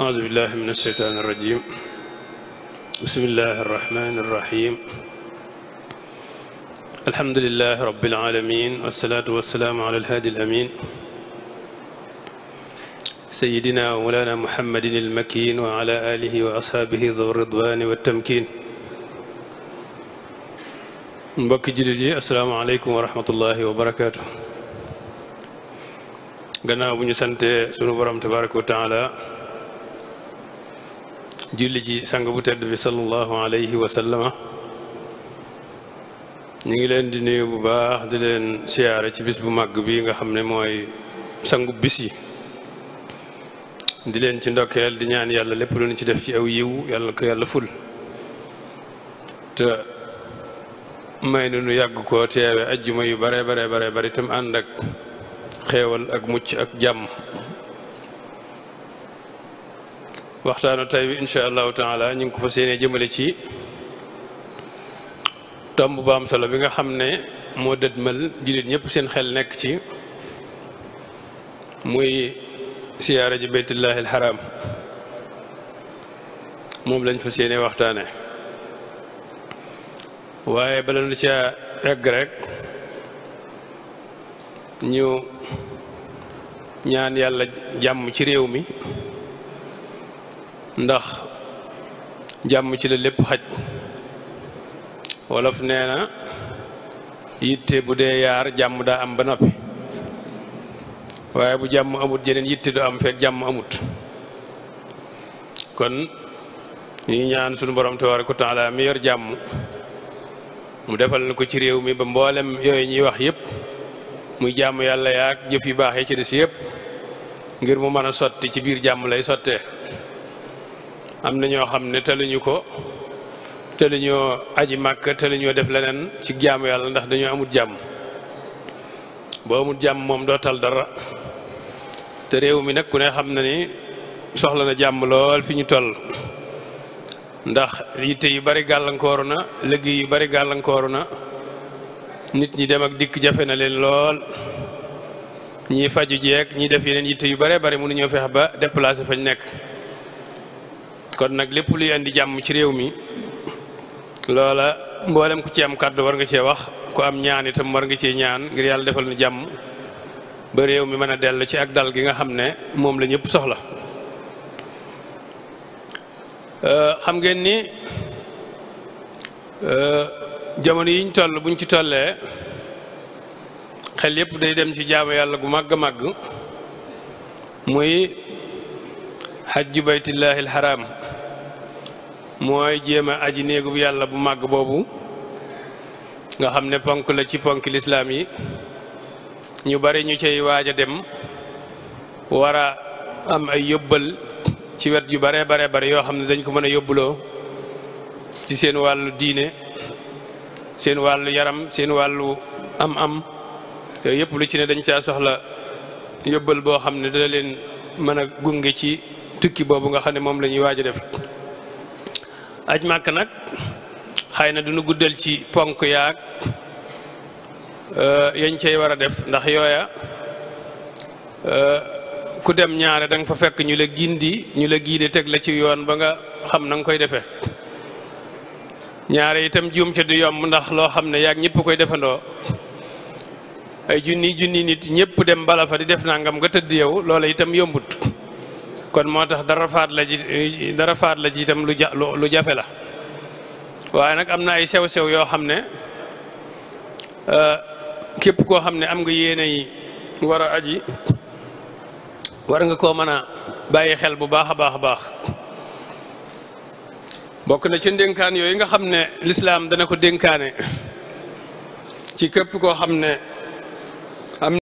أعوذ بالله من الشيطان الرجيم بسم الله الرحمن الرحيم الحمد لله رب العالمين والصلاة والسلام على الهادي الأمين سيدنا ومولانا محمد المكين وعلى آله وأصحابه ذو الرضوان والتمكين mbokki jullit yi asalaamaaleykum wa rahmatullahi wa barakaatu. gannaaw bu ñu sante sunu borom tabaraka wa taala julli ci sang bu tedd bi sallallahu alayhi wa sallama ñu ngi leen di nuyu bu baax di leen siyaare ci bis bu màgg bi nga xam ne mooy sangu bisi di leen ci ndokkeel di ñaan yàlla lépp lu ci def ci aw yiw yàlla ko yàlla ful te may nu nu yàgg koo teewe ajjuma yu bare bare bare bare itam ànd xéewal ak mucc ak jàmm waxtaanu tey bi incha allahu taala ñu ngi ko fas yéene jëmale ci tomb bu am solo bi nga xam ne moo dëdmal jullit ñëpp seen xel nekk ci muy siyaara ji beytullahi alxaram moom lañ fa yéene waxtaane waaye bala ca egg rek ñu ñaan yàlla jàmm ci réew mi ndax jàmm ci la lépp xaj wolof neena na yitte bu dee yaar jàmm daa am ba noppi waaye bu jàmm amut jeneen yitte du am fekk jàmm amut kon ñu ñaan sunu borom tabaaraka wa taala mi yor jàmm mu defal na ko ci réew mi ba mboolem yooyu ñuy wax yépp muy jàmm yàlla yaag jëf yu baax yi ci des yëpp ngir mu mën a sotti ci biir jàmm lay sotte am na ñoo xam ne taluñu ko taluñoo aji màkk taluñoo def leneen ci jàmm yàlla ndax dañoo amut jàmm boo amut jàmm moom doo tal dara te réew mi nag ku ne xam na ni soxla na jàmm lool fi ñu toll ndax yitte yu bari gàllankooru na liggéey yu bari gàllankooru na nit ñi dem ak dikk jafe na leen lool ñii faju jeeg ñii def yeneen yitte yu bare bare mënuñoo fex ba déplacé fañ nekk kon nag lépp luy andi jàmm ci réew mi loola mboolem ku ci am kàddu war nga cee wax ku am ñaan itam war nga cee ñaan ngir yàlla defal nu jàmm ba réew mi mën a dellu ci ak dal gi nga xam ne moom la ñëpp soxla xam ngeen ni. jamono yiñ toll buñ ci tollee xel yépp day dem ci jaamu yàlla gu màgg màgg muy hajju baytillaahi alxaraam mooy jéem a aji néegub yàlla bu màgg boobu nga xam ne ponk la ci ponk lislaam yi ñu bari ñu cay waaj a dem war am ay yóbbal ci wet yu bare bare bare yoo xam ne dañ ko mën a yóbbuloo ci seen wàllu diine seen wàllu yaram seen wàllu am-am te yëpp lu ci ne dañ caa soxla yóbbal boo xam ne dana leen mën a gunge ci tukki boobu nga xam ne moom la ñuy a def. aj màkk nag xëy na duñu guddal ci ponk yaag euh, yañ cey war a def ndax yooya euh, ku dem ñaare da nga fekk ñu la gindi ñu la giide teg la ci yoon ba nga xam na koy defee. ñaare itam juum ca du yomb ndax loo xam ne yaag ñëpp koy defandoo ay junni junni nit ñëpp dem bala fa di def nangam nga tëdd yow loola itam yombut kon moo tax dara faat la ji dara faat la ji itam lu ja lu jafe la waaye nag am na ay sew-sew yoo xam ne euh, képp koo xam ne am nga yéene yi war a aji war nga koo mën a bàyyi xel bu baax a baax a baax bokk na ci ndénkaan yooyu nga xam ne lislaam dana ko dénkaane ci këpp koo xam ne am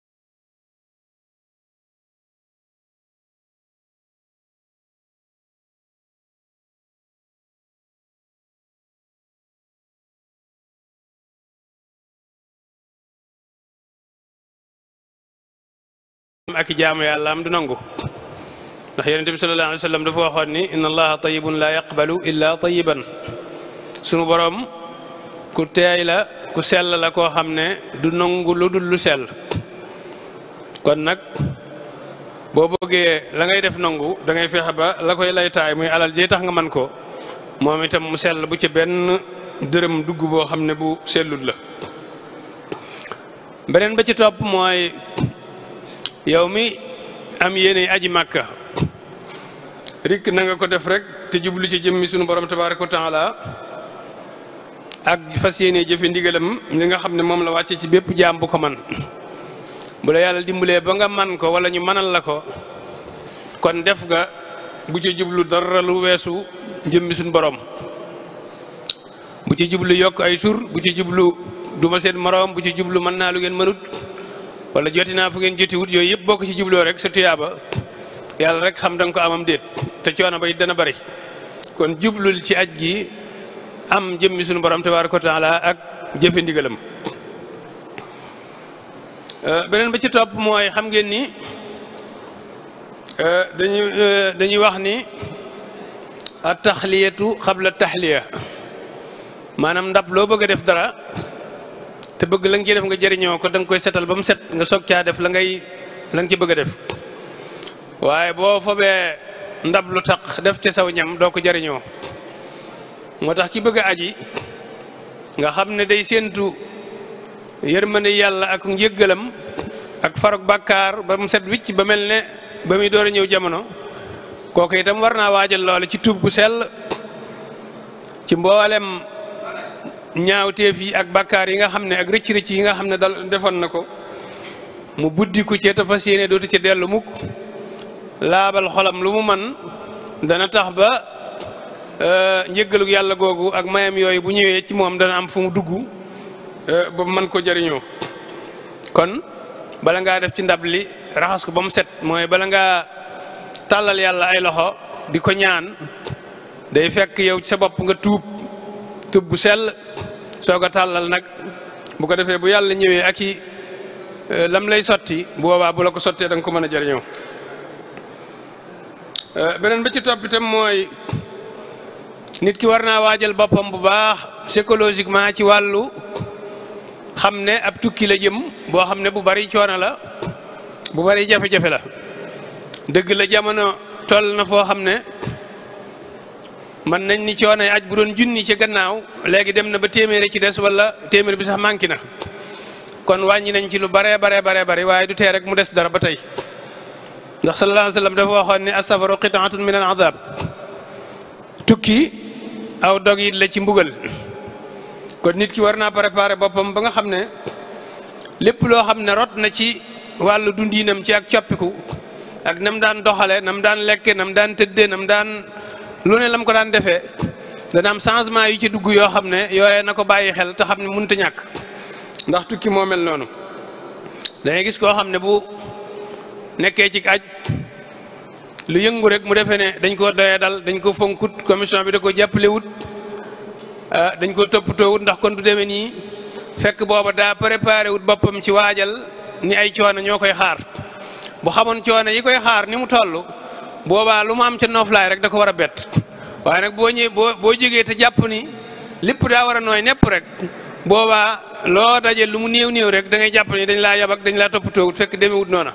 ak jaamu yàlla am du nangu ndax yonent bi sallallahu alayhi wa sallam dafa waxoon ni inna allaha tayibun laa yaqbalu sunu boroom ku teey la ku sell la koo xam ne du nongu lu dul lu sell kon nag boo bëggee la ngay def nangu da ngay fexe ba la koy laytaay muy alal ji tax nga man ko moom itam mu sell bu ci benn dërëm dugg boo xam ne bu sellut la beneen ba ci topp mooy yow mi am yéene aji màkka rikk na nga ko def rek te jublu ci jëmmi sunu borom tabaaraka wa taala ak fas yéene jëfe ndigalam li nga xam ne moom la wàcce ci bépp jaam bu ko man bu la yàlla dimbalee ba nga man ko wala ñu manal la ko kon def nga bu ci jublu dara weesu jëmmi suñu boroom bu ci jublu yokk ay sur bu ci jublu du ma seen moroom bu ci jublu mën naa lu ngeen mënut wala joti naa fu ngeen jotiwut yooyu yëpp bokk ci jubloo rek sa tuyaaba yàlla rek xam danga ko amam déet te coono bay dana bari kon jublul ci aj gi am jëmmi sunu borom tabaaraka wa taala ak jëfe ndigalam euh, beneen ba ci topp mooy xam ngeen ni euh, dañu euh, dañuy wax ni a taxliyatu xabla taxliya maanaam ndab loo bëgg def dara te bëgg la nga ciy def nga jëriñoo ko da nga koy setal ba mu set nga soog caa def la ngay la nga ci bëgg a def waaye boo fobee ndab lu taq def ci saw ñam doo ko jariñoo moo tax ki bëgg aji nga xam ne day séentu yërmande yàlla ak njëggalam ak faroog bakkaar ba mu set wicc ba mel ne ba muy door a ñëw jamono kooku itam war naa waajal loole ci tuub gu sell ci mboolem ñaawteef yi ak bakkaar yi nga xam ne ak rëcc-rëcc yi nga xam ne dal defoon na ko mu buddi ku ci te fas yéene dootu ci dellu mukk laabal xolam lu mu man dana tax ba e, njëggalug yàlla googu ak mayam yooyu bu ñëwee ci moom dana am fu mu dugg e, ba mën ko jariñoo kon bala ngaa def ci ndab li raxas ko ba mu set mooy bala ngaa tàllal yàlla ay loxo di ko ñaan day fekk yow ci sa bopp nga tuub tuub bu sell soog a tàllal nag bu ko defee bu yàlla ñëwee ak i e, lam lay sotti bu boobaa bu la ko sottee da nga ko mën a jëriñoo Euh, beneen ba ci toppitam mooy nit ki war naa waajal boppam bu baax psychologiquement ci wàllu xam ne ab tukki la jëm boo xam ne bu bari coono la bu bari jafe-jafe la dëgg la jamono toll na foo xam ne man nañ ni coono aj bu doon junni ci gannaaw léegi dem na ba téeméeri ci des wala téeméer bi sax manqué na kon wàññi nañ ci lu baree baree baree bari waaye du tee rek mu des dara ba tey ndax sallallahu alayhi wa sallam dafa waxoon ne asafaru qitaatun min al tukki aw dog it la ci mbugal kon nit ki war naa préparer boppam ba nga xam ne lépp loo xam ne rot na ci wàllu dundiinam ci ak coppiku ak nam daan doxale nam daan lekke nam daan tëddee nam daan lu ne lam ko daan defee dana am changement yu ci dugg yoo xam ne yooyee na ko bàyyi xel te xam ne mënut a ñàkk ndax tukki moo mel noonu da gis koo xam ne bu. nekkee ci aj lu yëngu rek mu defee ne dañ ko doyee dal dañ ko fonkut commission bi da ko jàppale wut ah, dañ ko toppatoo wut ndax kon du demee nii fekk booba daa préparé wut boppam ci waajal ni ay coono ñoo koy xaar bu xamoon coono yi koy xaar ni mu toll boobaa lu mu am ca nooflaay rek da ko war a bett waaye nag boo ñëwee boo boo jógee te jàpp ni lépp daa war a nooy nepp rek boobaa loo daje lu mu néew néew rek da ngay jàpp ni dañ laa yab ak dañ laa toppatoo wut fekk demewut noona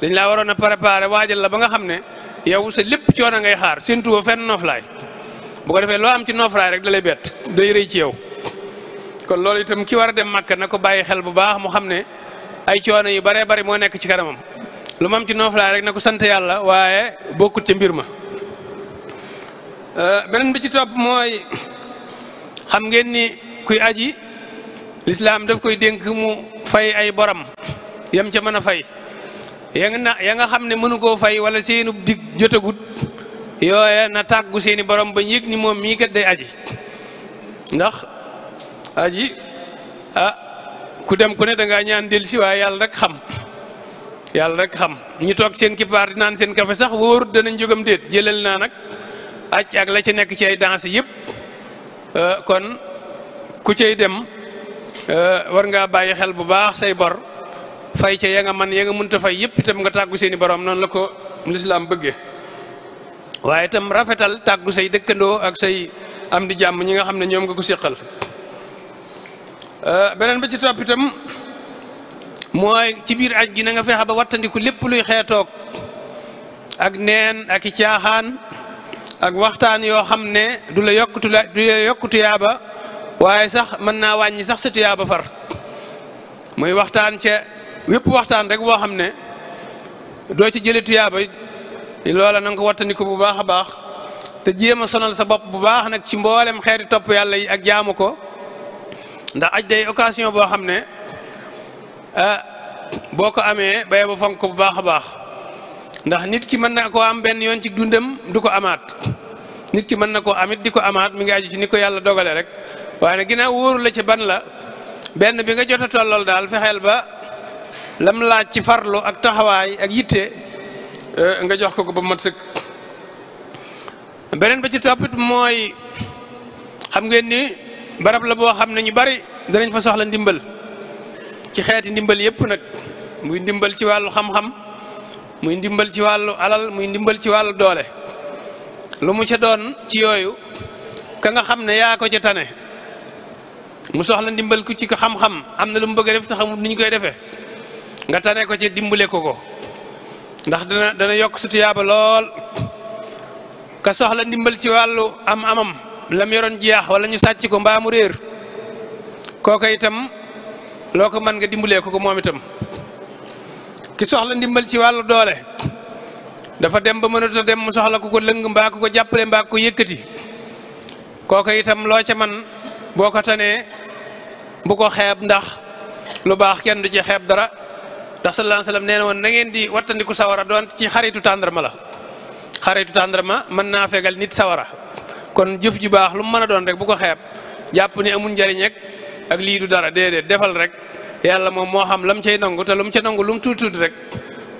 dañ laa waroon a préparer waajal la ba nga xam ne yow sa lépp coono ngay xaar suntu séntuwoo fenn noflaay bu ko defee loo am ci noflaay rek da lay bett day rëy ci yow kon loolu itam ki war a dem màkk na ko bàyyi xel bu baax mu xam ne ay coono yu baree bari moo nekk ci kanamam lu mu am ci noflaay rek na ko sant yàlla waaye bokkut ca mbir ma euh, beneen bi ci topp mooy xam ngeen ni kuy aji lislaam daf koy dénk mu fay ay borom yam ca mën a fay ya ya nga xam ne mënu koo fay wala seenub digg jotagut yooye na tàggu seeni borom bañ yëg ni moom mii kat day aji ndax aji ah ku dem ku ne da ngaa ñaan del si waaye yàlla rek xam yàlla rek xam ñu toog seen kippaar di naan seen kafe sax wóorut danañ jógam déet jëlal naa nag aj ak la ci nekk ci ay danse yëpp eh, kon ku cay dem eh, war ngaa bàyyi xel bu baax say bor fay ca ya nga man ya nga fay yëpp tam nga tàggu seeni borom noonu la ko lislaam bëggee waaye itam rafetal tàggu say dëkkandoo ak say am di jàmm ñi nga xam ne ñoom nga ko séqal euh, beneen ba ci topp itam mooy ci biir aj gi na nga fexe ba wattandiku lépp luy xeetoog ak neen ak i caaxaan ak waxtaan yoo xam ne du la yokkutu la yaaba waaye sax mën naa wàññi sax sa tuyaaba far muy waxtaan ca yëpp waxtaan rek boo xam ne doo ci jëlee tuyaaba loola na nga ko wattandi ko bu baax a baax te jéem a sonal sa bopp bu baax nag ci mboolem xeeti topp yàlla yi ak jaamu ko ndax aj day occasion boo xam ne ah boo ko amee bay ba fonk ko bu baax a baax ndax nit ki mën na koo am benn yoon ci dundam du ko amaat nit ki mën na koo amit di ko amaat mi ngi aju ci ni ko yàlla dogale rek waaye nag ginnaaw wóoru la ci ban la benn bi nga jot a daal fexeel ba. lam laaj ci farlu ak taxawaay ak yitte eh, nga jox ko ko ba mat sëkk beneen ba ci toppit mooy xam ngeen ni barab la boo xam ne ñu bari danañ fa soxla ndimbal ci xeeti ndimbal yépp nag muy ndimbal ci wàllu xam-xam muy ndimbal ci wàllu alal muy ndimbal ci wàllu doole lu mu ca doon ci yooyu ka nga xam ne yaa ko ca tane mu soxla ndimbal ku ci ko xam-xam am na lu mu bëgg def te xamul ni ñu koy defee nga tane ko ci dimbale ko ko ndax dana dana yokk su tuyaaba lool ka soxla ndimbal ci wàllu am-amam lam yoroon jiyaax wala ñu sàcc ko mbaamu réer kooka itam loo ko mën nga dimbalee ko ko moom itam ki soxla ndimbal ci wàllu doole dafa dem ba mënut a dem mu soxla ko ko lëng mbaa ko jàppale mbaa ko yëkkati kooka itam loo ca man boo ko tanee bu ko xeeb ndax lu baax kenn du ci xeeb dara. ndax sallallahu alayhi wa sallam nee na woon na ngeen di wattandiku sawara doon ci xaritu tàndarma la xaritu tàndarma mën naa fegal nit sawara kon jëf ju baax lu mu doon rek bu ko xeeb jàpp ni amul njariñ ak lii du dara déedéet defal rek yàlla moom moo xam lam cay nangu te lu mu ca nangu lu mu tuuti tuuti rek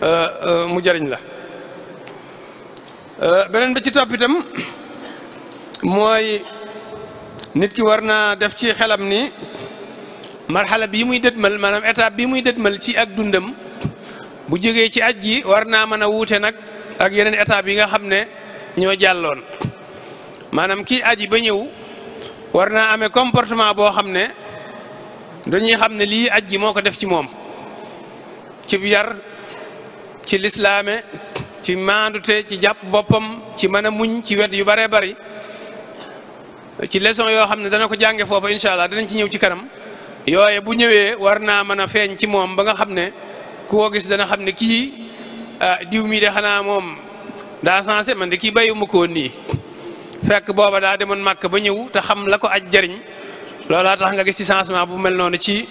euh, euh, mu jariñ la euh, beneen ba ci topp mooy nit ki war def ci xelam ni marxala bi muy dëtmal maanaam état bi muy dëtmal ci ak dundam bu jógee ci aj gi war naa mën a wuute nag ak yeneen étape yi nga xam ne ñoo jàlloon maanaam kii aji ba ñëw war naa amee comportement boo xam ne dañuy xam ne lii aj gi moo ko def ci moom ci yar ci lislaame ci maandute ci jàpp boppam ci mën a muñ ci wet yu bëree bari ci leçon yoo xam ne dana ko jànge foofu incha allah danañ ci ñëw ci kanam yooye bu ñëwee war naa mën a feeñ ci moom ba nga xam ne ku ko gis dana xam ne kii ah, diw mi de xanaa moom daa sensé man de kii béyuma ko woon nii fekk booba daa demoon màkk ba ñëw te xam la ko aj jariñ loolaa tax nga gis ci changement bu mel noonu ci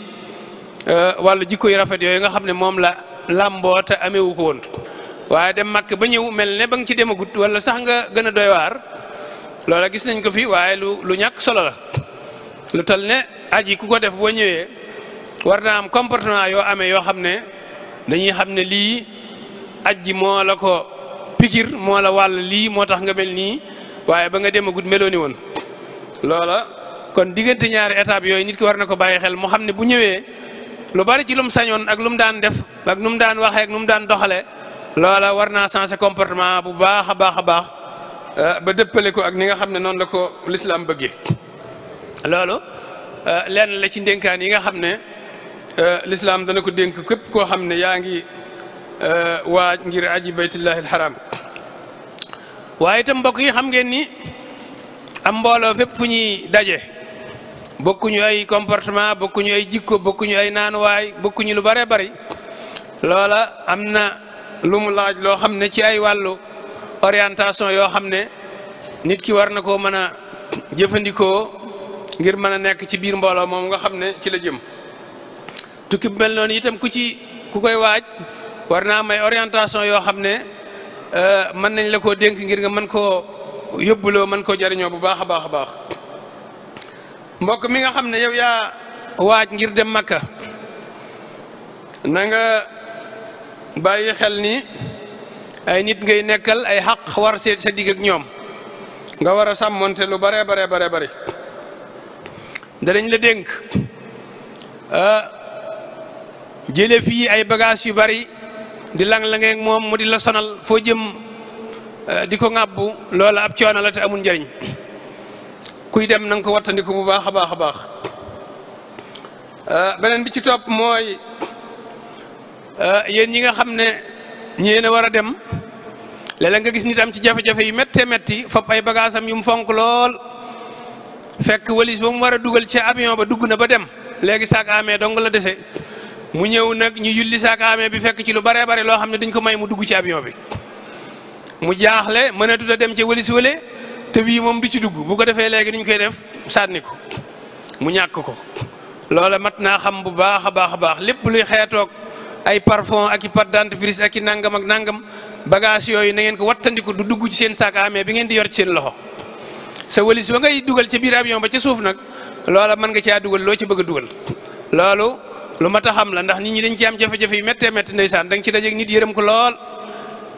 eh, wàllu jikko yu rafet yooyu nga xam ne moom la làmboo te ameewu ko woon waaye dem màkk ba ñëw mel ne ba nga ci gut wala sax nga gën a doy waar loola gis nañ ko fi waaye lu lu ñàkk solo la lu tal ne aji ku ko def boo ñëwee war naa am comportement yoo amee yoo xam ne dañuy xam ne lii aji moo la ko pikir moo la wàll lii moo tax nga mel nii waaye ba nga demagut meloo ni woon loola kon diggante ñaari étape yooyu nit ki war na ko bàyyi xel moo xam ne bu ñëwee lu bari ci lu mu sañoon ak lu mu daan def ak nu mu daan waxee ak mu daan doxale loola war naa changer comportement bu baax a baax a baax eh, ba dëppale ko ak ni nga xam ne noonu la ko l'islam bëggee loolu Euh, lenn la ci ndénkaan yi nga xam ne euh, lislaam dana ko dénk képp koo xam ne yaa ngi euh, waaj ngir aji baytullahi alxaram waaye itam mbokk yi xam ngeen ni am mbooloo fépp fu ñuy daje bokkuñu ay comportement bokkuñu ay jikko bokkuñu ay naanuwaay bokkuñu lu bare bari loola am na lu mu laaj loo xam ne ci ay wàllu orientation yoo xam ne nit ki war na koo mën a jëfandikoo ngir mën a nekk ci biir mbooloo moom nga xam ne ci la jëm tukki bu mel noonu itam ku ci ku koy waaj war naa may orientation yoo xam ne euh, mën nañ la koo dénk ngir nga mën koo yóbbuloo mën koo jariñoo bu baax a baax a baax mbokk mi nga xam ne yow yaa waaj ngir dem Makka na nga bàyyi xel ni ay nit ngay nekkal ay xaq war seet sa digg ñoom nga war a sàmmonte lu bare bare bare bari danañ la dénk ah, jéle fii ay bagage yu bari di lang la moom moo di la sonal foo jëm ah, di ko ŋàbbu loola ab coono la te amul njëriñ kuy dem nang nga ko wattandiku bu baax a baax a baax ah, beneen bi ci topp mooy yéen yi nga xam ne ñeena war a dem léeg nga gis nit am ci jafe-jafe yu méttee métti fop ay bagaasam yu mu fonk lool fekk walis ba mu war a dugal ci avion ba dugg na ba dem léegi saak amee dong la dese mu ñëw nag ñu yulli saak amee bi fekk ci lu baree bare loo xam ne dañ ko may mu dugg ci avion bi mu jaaxle mënatut dem ci walis wale te bii moom du ci dugg bu ko defee léegi ni koy def sànni ko mu ñàkk ko loola mat naa xam bu baax a baax a baax lépp luy xeetoog ay parfum ak i pâte dentifrice ak nangam ak nangam bagage yooyu na ngeen ko wattandiku du dugg ci seen saak amee bi ngeen di yor ci seen loxo. sa walis wa ngay dugal ci biir avion ba ca suuf nag loola mën nga dugal loo ci bëgg dugal loolu lu mat a xam la ndax nit ñi dañ ci am jafe-jafe yu méttee métti ndeysaan da nga ci dajeeg nit yërëm ko lool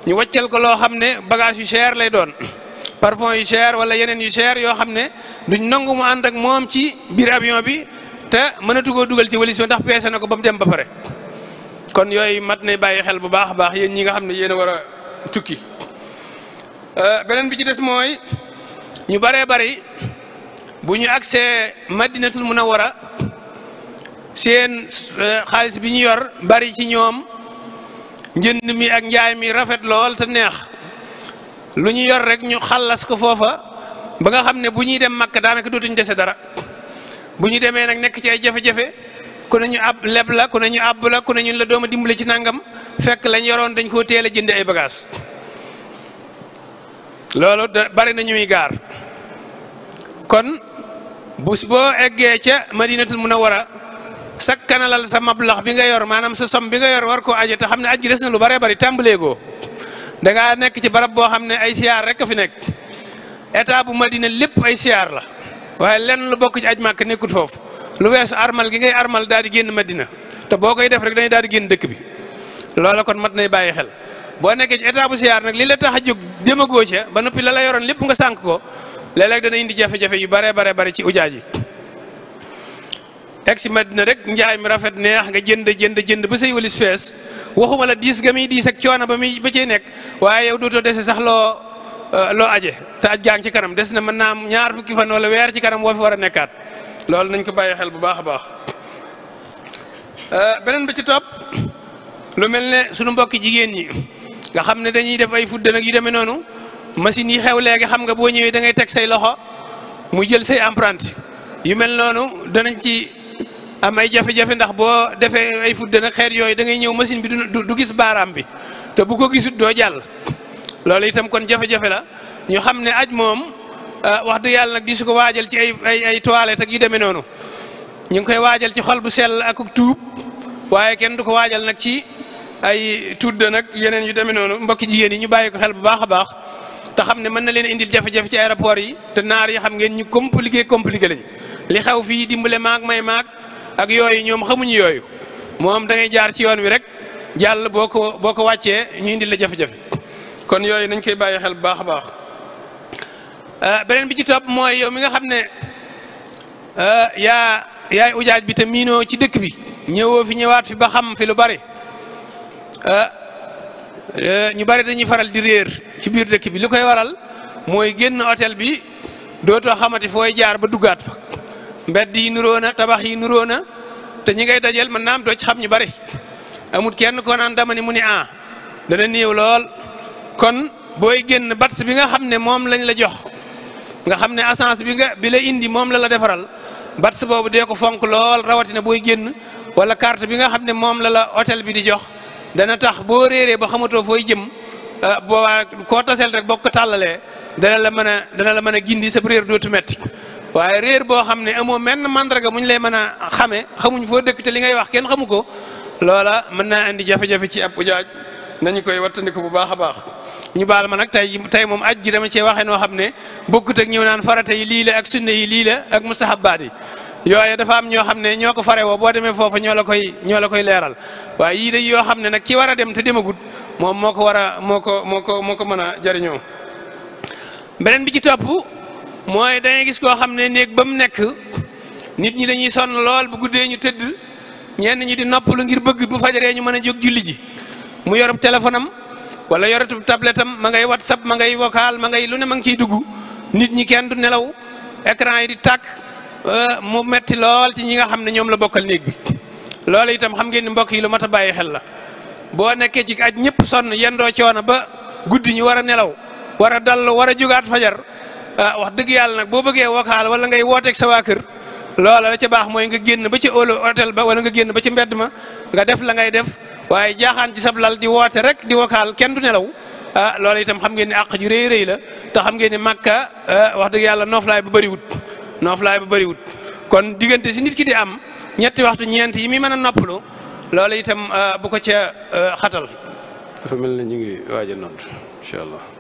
ñu wàccal ko loo xam ne bagage yu cher lay doon parfum yu cher wala yeneen yu cher yoo xam ne duñ nangu mu ànd ak moom ci biir avion bi te mënatu koo dugal ci walis wa ndax peese na ko ba mu dem ba pare kon yooyu mat na bàyyi xel bu baax a baax yéen ñi nga xam ne yéen a war a tukki euh, bi ci des mooy ñu bëree bari bu ñu agsee madinatul munawwara seen eh, xaalis bi ñu yor bari ci ñoom njënd mi ak njaay mi rafet lool te neex lu ñu yor rek ñu xallas ko foofa ba nga xam ne bu ñuy dem Makka daanaka dootuñ dese dara bu ñu demee nag nekk ci ay jafe-jafe ku ne ñu ab leb la ku ne ñu àbb la ku ne ñun la dooma dimbale ci nangam fekk lañu yoroon dañ koo teel a jënd ay bagages. loolu bari na ñuy gaar kon bus boo eggee ca mun a munawwara sakkanalal sa mablax bi nga yor maanaam sa som bi nga yor war ko aje te xam ne aj gi des na lu bëree bëri tàmbaleegoo da ngaa nekk ci barab boo xam ne ay siyaar rek a fi nekk état bu madina lépp ay siyaar la waaye lenn lu bokk ci aj màkk nekkut foofu lu weesu armal gi ngay armal daal di génn madina te boo koy def rek dañuy daal di génn dëkk bi loola kon mat nay bàyyi xel boo nekkee ci état bu siyaar nag li la tax a jóg jëm a ba noppi la la yoroon lépp nga sànq ko léeg dana indi jafe-jafe yu bare bare bare ci ujaa ji egg si Madina rek njaay mi rafet neex nga jënd jënd jënd ba say walis fees waxuma la diis ga muy diis ak ba muy ba cee nekk waaye yow dootoo dese sax loo euh, loo aje te aj gaa ci kanam des na mën naa am ñaar fukki fan wala weer ci kanam woo war a nekkaat loolu nañ ko bàyyi xel bu baax a baax euh, beneen ba ci topp lu mel ne sunu mbokki jigéen ñi nga xam ne dañuy def ay fudde nag yu demee noonu machine yi xew léegi xam nga boo ñëwee da ngay teg say loxo mu jël say empreinte yu mel noonu danañ ci am ay jafe-jafe ndax boo defee ay fudde nag xeet yooyu da ngay ñëw machine bi du du gis baaraam bi te bu ko gisut doo jàll loolu itam kon jafe-jafe la ñu xam ne aj moom ah, wax dëgg yàlla nag di su ko waajal ci ay ay ay toilette ak yu demee noonu ñu koy waajal ci xol bu sell ak tuub waaye kenn du waajal nag ci. ay tudd nag yeneen yu demee noonu mbokki jigéen yi ñu bàyyi ko xel bu baax a baax te xam ne mën na leen indil jafe-jafe ci aéroport yi te naar yi xam ngeen ñu compliqué compliqué lañ li xew fii dimbale maag may maag ak yooyu ñoom xamuñu yooyu moom da ngay jaar ci yoon wi rek jàll boo ko boo ko wàccee ñu indil la jafe-jafe kon yooyu nañ koy bàyyi xel bu baax a baax euh, beneen bi ci topp mooy yow mi nga xam ne euh, yaa yaay ujaaj bi ci dëkk bi ñëwoo fi ñëwaat fi ba xam fi lu bari Ah, eh, ñu bari dañuy faral di réer ci biir dëkk bi lu koy waral mooy génn hôtel bi dootoo xamati fooy jaar ba duggaat fa mbedd yi nuroo na tabax yi nuroo na te ñi ngay dajeel ma naam doo ci xam ñu bari amut kenn koo naan dama ni mu ni ah dana néew lool kon booy génn bats bi nga xam ne moom lañ la jox nga xam ne assance bi nga bi la indi moom la la defaral bats boobu dee ko fonk lool rawatina booy génn wala carte bi nga xam ne moom lala la hôtel bi di jox dana tax boo réeree ba xamatoo fooy jëm ah, boobaa koo taseel rek boo ko tàllalee dana la mën a dana la mën a gindi sa réer dootu metti waaye réer boo xam ne amoo menn mandarga mu ñu lay mën a xamee xamuñ foo dëkk te li ngay wax kenn xamu ko loola mën naa andi jafe-jafe ci ab ujaaj nañu koy wattandiku bu baax a baax ñu baal ma nag tey tey moom aj gi dama cee waxee noo xam ne bokkut ak ñëw naan farata yi lii la ak sunna yi lii la ak mustahabaat yi yooyu dafa am ñoo xam ne ñoo ko fare woo boo demee foofa ñoo la koy ñoo la koy leeral waaye yii de yoo xam ne nag ki war a dem te demagut moom moo ko war a moo ko moo ko moo ko mën a jariñoo beneen bi ci topp mooy dangay gis koo xam ne néeg ba mu nekk nit ñi dañuy sonn lool bu guddee ñu tëdd ñenn ñi di noppalu ngir bëgg bu fajaree ñu mën a jóg julli ji mu yorub téléphone am wala yorub tablette am ma ngay whatsapp ma ngay vocal ma ngay lu ne ma ngi ciy dugg nit ñi kenn du nelaw écran yi di tàkk. Euh, mu metti lool ci ñi nga xam ne ñoom la bokkal néeg bi loolu itam xam ngeen ni mbokk yi lu mat a bàyyi xel la boo nekkee ci aj ñëpp sonn yendoo coono ba guddi ñu war a nelaw war a dallu war a jugaat fajar ah, wax dëgg yàlla nag boo bëggee wokaal wala ngay wooteeg sa waa kër loola la ca baax mooy nga génn ba ci olo hôtel ba wala nga génn ba ci mbedd ma nga def la ngay def waaye jaaxaan ci sab lal di woote rek di wokaal kenn du nelaw ah loola itam xam ngeen ne àq ju rëy rëy la te xam ngeen ne màkka ah, wax dëgg yàlla nooflaay bu bëriwut nooflaay bu bëriwut kon diggante si nit ki di am ñetti waxtu ñeent yi muy mën a noppalu loolu itam euh, bu ko ca euh, xatal dafa mel ne ñu ngi waaja a nodd allah